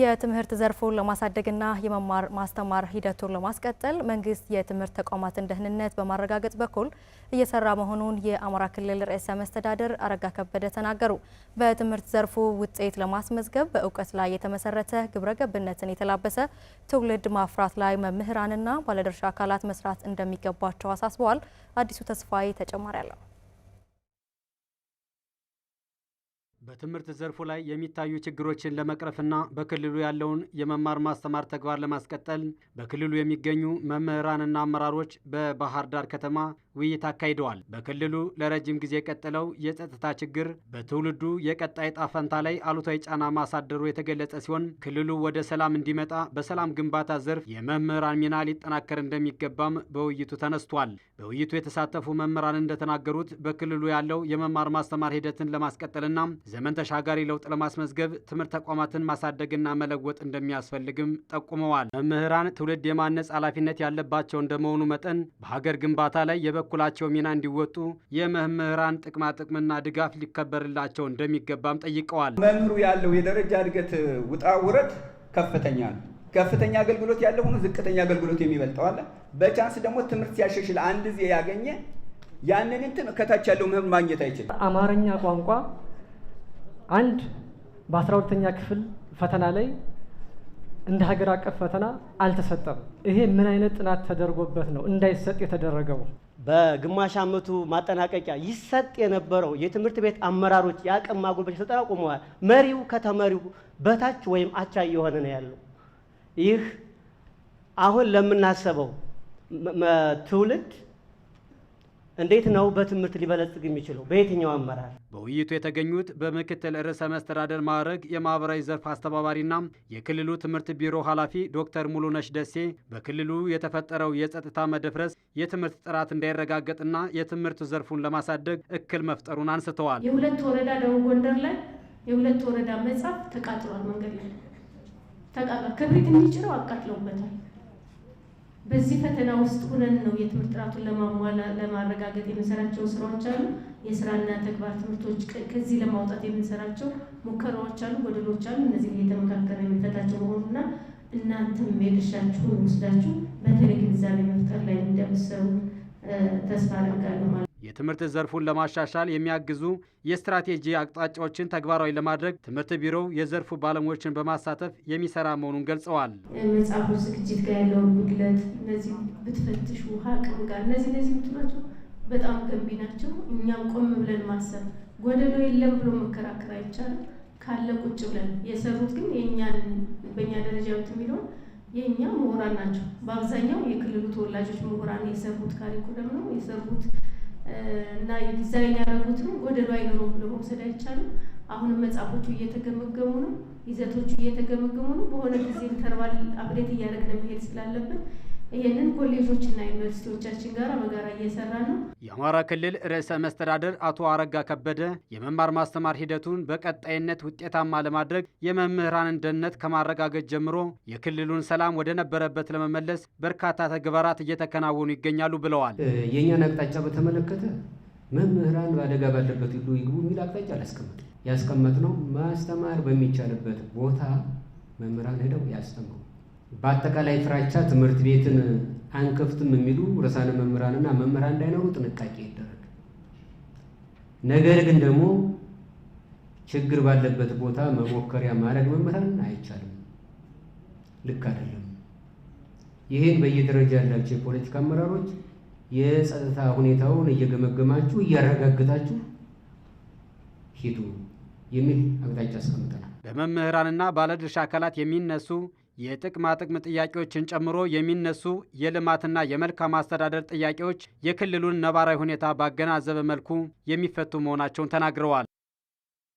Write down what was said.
የትምህርት ዘርፉን ለማሳደግና የመማር ማስተማር ሂደቱን ለማስቀጠል መንግስት የትምህርት ተቋማትን ደህንነት በማረጋገጥ በኩል እየሰራ መሆኑን የአማራ ክልል ርዕሰ መስተዳደር አረጋ ከበደ ተናገሩ። በትምህርት ዘርፉ ውጤት ለማስመዝገብ በእውቀት ላይ የተመሰረተ ግብረ ገብነትን የተላበሰ ትውልድ ማፍራት ላይ መምህራንና ባለድርሻ አካላት መስራት እንደሚገባቸው አሳስበዋል። አዲሱ ተስፋዬ ተጨማሪ አለው። በትምህርት ዘርፉ ላይ የሚታዩ ችግሮችን ለመቅረፍና በክልሉ ያለውን የመማር ማስተማር ተግባር ለማስቀጠል በክልሉ የሚገኙ መምህራንና አመራሮች በባህር ዳር ከተማ ውይይት አካሂደዋል። በክልሉ ለረጅም ጊዜ የቀጠለው የጸጥታ ችግር በትውልዱ የቀጣይ ጣፈንታ ፈንታ ላይ አሉታዊ ጫና ማሳደሩ የተገለጸ ሲሆን ክልሉ ወደ ሰላም እንዲመጣ በሰላም ግንባታ ዘርፍ የመምህራን ሚና ሊጠናከር እንደሚገባም በውይይቱ ተነስቷል። በውይይቱ የተሳተፉ መምህራን እንደተናገሩት በክልሉ ያለው የመማር ማስተማር ሂደትን ለማስቀጠልና ዘመን ተሻጋሪ ለውጥ ለማስመዝገብ ትምህርት ተቋማትን ማሳደግና መለወጥ እንደሚያስፈልግም ጠቁመዋል። መምህራን ትውልድ የማነጽ ኃላፊነት ያለባቸው እንደመሆኑ መጠን በሀገር ግንባታ ላይ የበ የበኩላቸው ሚና እንዲወጡ የመምህራን ጥቅማጥቅምና ድጋፍ ሊከበርላቸው እንደሚገባም ጠይቀዋል። መምህሩ ያለው የደረጃ እድገት ውጣ ውረድ ከፍተኛ ነው። ከፍተኛ አገልግሎት ያለው ሆኖ ዝቅተኛ አገልግሎት የሚበልጠዋለ በቻንስ ደግሞ ትምህርት ሲያሻሽል አንድ ዜ ያገኘ ያንን እንትን ከታች ያለው መምህር ማግኘት አይችልም። አማርኛ ቋንቋ አንድ በአስራ ሁለተኛ ክፍል ፈተና ላይ እንደ ሀገር አቀፍ ፈተና አልተሰጠም። ይሄ ምን አይነት ጥናት ተደርጎበት ነው እንዳይሰጥ የተደረገው? በግማሽ ዓመቱ ማጠናቀቂያ ይሰጥ የነበረው የትምህርት ቤት አመራሮች የአቅም ማጎልበቻ ስልጠና ቆመዋል። መሪው ከተመሪው በታች ወይም አቻ እየሆነ ነው ያለው። ይህ አሁን ለምናስበው ትውልድ እንዴት ነው በትምህርት ሊበለጽግ የሚችለው? በየትኛው አመራር? በውይይቱ የተገኙት በምክትል ርዕሰ መስተዳደር ማዕረግ የማህበራዊ ዘርፍ አስተባባሪና የክልሉ ትምህርት ቢሮ ኃላፊ ዶክተር ሙሉነሽ ደሴ በክልሉ የተፈጠረው የጸጥታ መደፍረስ የትምህርት ጥራት እንዳይረጋገጥና የትምህርት ዘርፉን ለማሳደግ እክል መፍጠሩን አንስተዋል። የሁለት ወረዳ ደቡብ ጎንደር ላይ የሁለት ወረዳ መጽሐፍ ተቃጥሏል። መንገድ ላይ ተቃጥሏል። ክብሪት የሚችለው አቃጥለውበታል። በዚህ ፈተና ውስጥ ሁነን ነው የትምህርት ጥራቱን ለማሟላ ለማረጋገጥ የምንሰራቸው ስራዎች አሉ። የስራና ተግባር ትምህርቶች ከዚህ ለማውጣት የምንሰራቸው ሙከራዎች አሉ፣ ጎደሎች አሉ። እነዚህ እየተመካከረ የምንፈታቸው መሆኑና እናንተም የድርሻችሁን ወስዳችሁ በተለይ ግንዛቤ መፍጠር ላይ እንደምትሰሩ ተስፋ አደርጋለሁ ማለት የትምህርት ዘርፉን ለማሻሻል የሚያግዙ የስትራቴጂ አቅጣጫዎችን ተግባራዊ ለማድረግ ትምህርት ቢሮው የዘርፉ ባለሙያዎችን በማሳተፍ የሚሰራ መሆኑን ገልጸዋል። መጽሐፉ ዝግጅት ጋር ያለውን ጉድለት እነዚህ ብትፈትሹ ሀቅም ጋር እነዚህ እነዚህ ምትሏቸው በጣም ገንቢ ናቸው። እኛም ቆም ብለን ማሰብ ጎደሎ የለም ብሎ መከራከር አይቻልም። ካለ ቁጭ ብለን የሰሩት ግን የእኛን በእኛ ደረጃ የሚለውን የእኛ ምሁራን ናቸው። በአብዛኛው የክልሉ ተወላጆች ምሁራን የሰሩት ካሪኩለም ነው የሰሩት እና ዲዛይን ያደረጉትን ጎደሉ አይኖረውም ብሎ መውሰድ አይቻልም። አሁንም መጽሐፎቹ እየተገመገሙ ነው፣ ይዘቶቹ እየተገመገሙ ነው። በሆነ ጊዜ ኢንተርቫል አፕዴት እያደረግን መሄድ ስላለብን ይህንን ኮሌጆችና ዩኒቨርሲቲዎቻችን ጋር በጋራ እየሰራ ነው። የአማራ ክልል ርዕሰ መስተዳደር አቶ አረጋ ከበደ የመማር ማስተማር ሂደቱን በቀጣይነት ውጤታማ ለማድረግ የመምህራንን ደህንነት ከማረጋገጥ ጀምሮ የክልሉን ሰላም ወደ ነበረበት ለመመለስ በርካታ ተግባራት እየተከናወኑ ይገኛሉ ብለዋል። የእኛን አቅጣጫ በተመለከተ መምህራን በአደጋ ባለበት ሁሉ ይግቡ የሚል አቅጣጫ አላስቀመጥ ያስቀመጥ ነው። ማስተማር በሚቻልበት ቦታ መምህራን ሄደው ያስተምሩ በአጠቃላይ ፍራቻ ትምህርት ቤትን አንከፍትም የሚሉ ርዕሳነ መምህራንና መምህራን እንዳይኖሩ ጥንቃቄ ይደረግ። ነገር ግን ደግሞ ችግር ባለበት ቦታ መሞከሪያ ማድረግ መምህራን አይቻልም፣ ልክ አይደለም። ይህን በየደረጃ ያላቸው የፖለቲካ አመራሮች የጸጥታ ሁኔታውን እየገመገማችሁ እያረጋግጣችሁ ሂዱ የሚል አቅጣጫ አስቀምጠናል። በመምህራንና ባለድርሻ አካላት የሚነሱ የጥቅማጥቅም ጥያቄዎችን ጨምሮ የሚነሱ የልማትና የመልካም አስተዳደር ጥያቄዎች የክልሉን ነባራዊ ሁኔታ ባገናዘበ መልኩ የሚፈቱ መሆናቸውን ተናግረዋል።